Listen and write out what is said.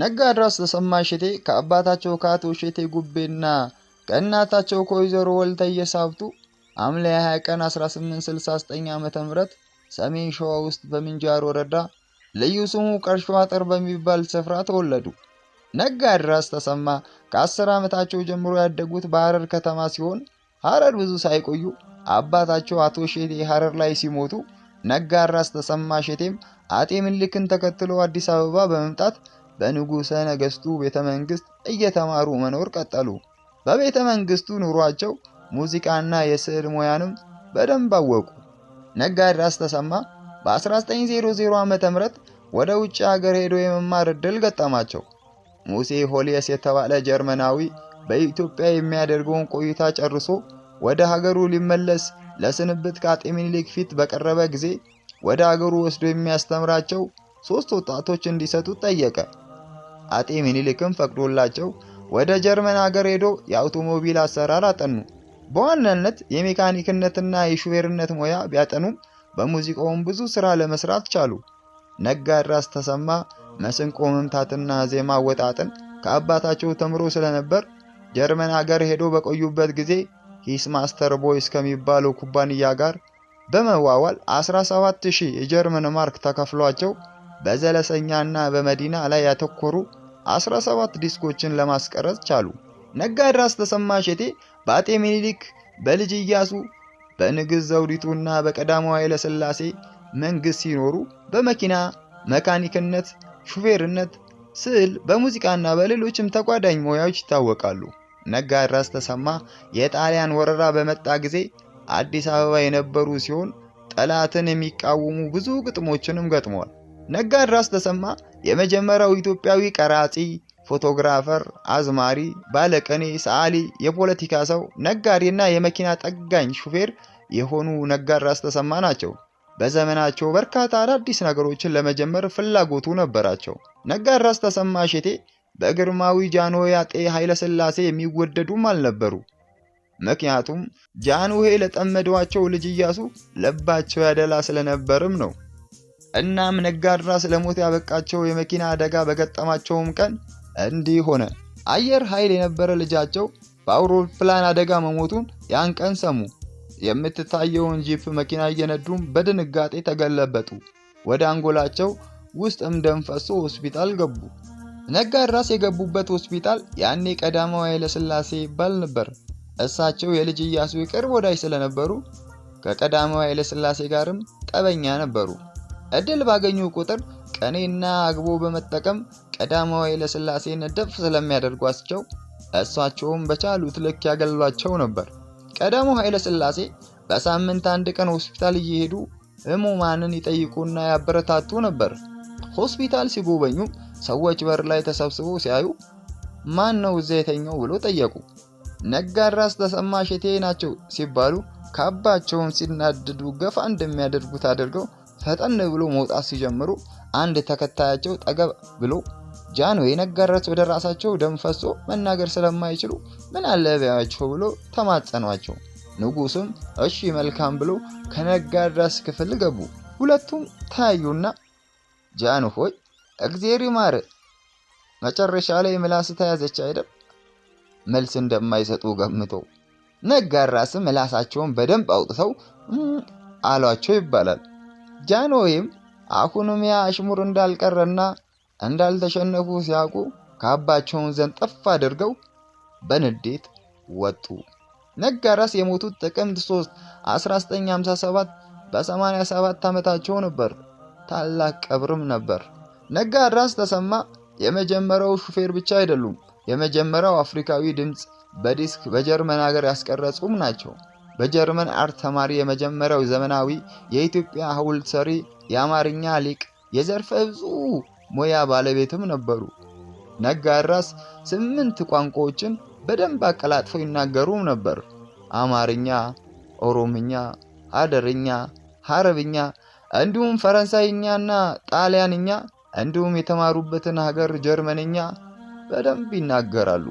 ነጋ አድራስ ተሰማ እሸቴ ከአባታቸው ከአቶ እሸቴ ጉቤና ከእናታቸው ከወይዘሮ ወልተየ ሳብቱ ሐምሌ 20 ቀን 1869 ዓ.ም ሰሜን ሸዋ ውስጥ በምንጃር ወረዳ ልዩ ስሙ ቀርሾ አጥር በሚባል ስፍራ ተወለዱ። ነጋ አድራስ ተሰማ ከአስር ዓመታቸው ጀምሮ ያደጉት በሐረር ከተማ ሲሆን ሐረር ብዙ ሳይቆዩ አባታቸው አቶ እሸቴ ሐረር ላይ ሲሞቱ ነጋ አድራስ ተሰማ እሸቴም አጤ ምኒልክን ተከትሎ አዲስ አበባ በመምጣት በንጉሠ ነገሥቱ ቤተ መንግሥት እየተማሩ መኖር ቀጠሉ። በቤተ መንግሥቱ ኑሯቸው ሙዚቃና የስዕል ሙያንም በደንብ አወቁ። ነጋድራስ ተሰማ በ1900 ዓ ም ወደ ውጭ ሀገር ሄዶ የመማር ዕድል ገጠማቸው። ሙሴ ሆሊየስ የተባለ ጀርመናዊ በኢትዮጵያ የሚያደርገውን ቆይታ ጨርሶ ወደ ሀገሩ ሊመለስ ለስንብት ከአጤ ምኒልክ ፊት በቀረበ ጊዜ ወደ አገሩ ወስዶ የሚያስተምራቸው ሦስት ወጣቶች እንዲሰጡት ጠየቀ። አጤ ምኒልክም ፈቅዶላቸው ወደ ጀርመን አገር ሄዶ የአውቶሞቢል አሰራር አጠኑ። በዋናነት የሜካኒክነትና የሹፌርነት ሙያ ቢያጠኑም በሙዚቃውም ብዙ ስራ ለመስራት ቻሉ። ነጋድራስ ተሰማ መስንቆ መምታትና ዜማ ወጣጥን ከአባታቸው ተምሮ ስለነበር ጀርመን አገር ሄዶ በቆዩበት ጊዜ ሂስ ማስተር ቦይስ ከሚባለው ኩባንያ ጋር በመዋዋል 17000 የጀርመን ማርክ ተከፍሏቸው በዘለሰኛና በመዲና ላይ ያተኮሩ 17 ዲስኮችን ለማስቀረጽ ቻሉ። ነጋድራስ ተሰማ እሸቴ በአጤ ምኒልክ፣ በልጅ ኢያሱ፣ በንግሥት ዘውዲቱና በቀዳማዊ ኃይለሥላሴ መንግሥት ሲኖሩ በመኪና መካኒክነት፣ ሹፌርነት፣ ስዕል፣ በሙዚቃና በሌሎችም ተጓዳኝ ሙያዎች ይታወቃሉ። ነጋድራስ ተሰማ የጣሊያን ወረራ በመጣ ጊዜ አዲስ አበባ የነበሩ ሲሆን ጠላትን የሚቃወሙ ብዙ ግጥሞችንም ገጥመዋል። ነጋድራስ ተሰማ የመጀመሪያው ኢትዮጵያዊ ቀራጺ፣ ፎቶግራፈር፣ አዝማሪ፣ ባለቅኔ፣ ሰዓሊ፣ የፖለቲካ ሰው፣ ነጋዴና የመኪና ጠጋኝ ሹፌር የሆኑ ነጋድራስ ተሰማ ናቸው። በዘመናቸው በርካታ አዳዲስ ነገሮችን ለመጀመር ፍላጎቱ ነበራቸው። ነጋድራስ ተሰማ እሸቴ በግርማዊ ጃንሆይ አጤ ኃይለሥላሴ የሚወደዱም አልነበሩ። ምክንያቱም ጃንሆይ ለጠመደዋቸው ልጅ እያሱ ልባቸው ያደላ ስለነበርም ነው። እናም ነጋድራ ስለሞት ያበቃቸው የመኪና አደጋ በገጠማቸውም ቀን እንዲህ ሆነ። አየር ኃይል የነበረ ልጃቸው በአውሮፕላን አደጋ መሞቱን ያን ቀን ሰሙ። የምትታየውን ጂፕ መኪና እየነዱም በድንጋጤ ተገለበጡ። ወደ አንጎላቸው ውስጥም ደም ፈሶ ሆስፒታል ገቡ። ነጋድራስ የገቡበት ሆስፒታል ያኔ ቀዳማዊ ኃይለሥላሴ ይባል ነበር። እሳቸው የልጅ ኢያሱ ቅርብ ወዳጅ ስለነበሩ ከቀዳማዊ ኃይለሥላሴ ጋርም ጠበኛ ነበሩ። እድል ባገኙ ቁጥር ቀኔና አግቦ በመጠቀም ቀዳማዊ ኃይለሥላሴን ንድፍ ስለሚያደርጓቸው እሳቸውም በቻሉት ልክ ያገሏቸው ነበር። ቀዳማዊ ሥላሴ በሳምንት አንድ ቀን ሆስፒታል እየሄዱ ህሙማንን ይጠይቁና ያበረታቱ ነበር። ሆስፒታል ሲጎበኙ ሰዎች በር ላይ ተሰብስበው ሲያዩ ማን ነው እዚያ የተኛው ብሎ ጠየቁ። ነጋድራስ ተሰማ እሸቴ ናቸው ሲባሉ ካባቸውን ሲናድዱ ገፋ እንደሚያደርጉት አድርገው ፈጠን ብሎ መውጣት ሲጀምሩ አንድ ተከታያቸው ጠገብ ብሎ ጃኖ የነገረት ወደ ራሳቸው ደም ፈሶ መናገር ስለማይችሉ ምን አለ ቢያቸው ብሎ ተማጸኗቸው። ንጉሱም እሺ መልካም ብሎ ከነጋድራስ ክፍል ገቡ። ሁለቱም ተያዩና ጃኑ ሆይ እግዜር ይማር፣ መጨረሻ ላይ ምላስ ተያዘች አይደል? መልስ እንደማይሰጡ ገምተው ነጋድራስም ምላሳቸውን በደንብ አውጥተው አሏቸው ይባላል። ጃንሆይም አሁንም ያ አሽሙር እንዳልቀረና እንዳልተሸነፉ ሲያውቁ ካባቸውን ዘንጠፍ አድርገው በንዴት ወጡ። ነጋራስ የሞቱት ጥቅምት 3 1957 በ87 ዓመታቸው ነበር። ታላቅ ቀብርም ነበር። ነጋራስ ተሰማ የመጀመሪያው ሹፌር ብቻ አይደሉም። የመጀመሪያው አፍሪካዊ ድምፅ በዲስክ በጀርመን ሀገር ያስቀረጹም ናቸው። በጀርመን አርት ተማሪ የመጀመሪያው ዘመናዊ የኢትዮጵያ ሐውልት ሰሪ፣ የአማርኛ ሊቅ፣ የዘርፈ ብዙ ሙያ ባለቤትም ነበሩ። ነጋ ስምንት ቋንቋዎችን በደንብ አቀላጥፈው ይናገሩም ነበር። አማርኛ፣ ኦሮምኛ፣ ሀደርኛ፣ ሀረብኛ እንዲሁም ፈረንሳይኛና ጣሊያንኛ እንዲሁም የተማሩበትን ሀገር ጀርመንኛ በደንብ ይናገራሉ።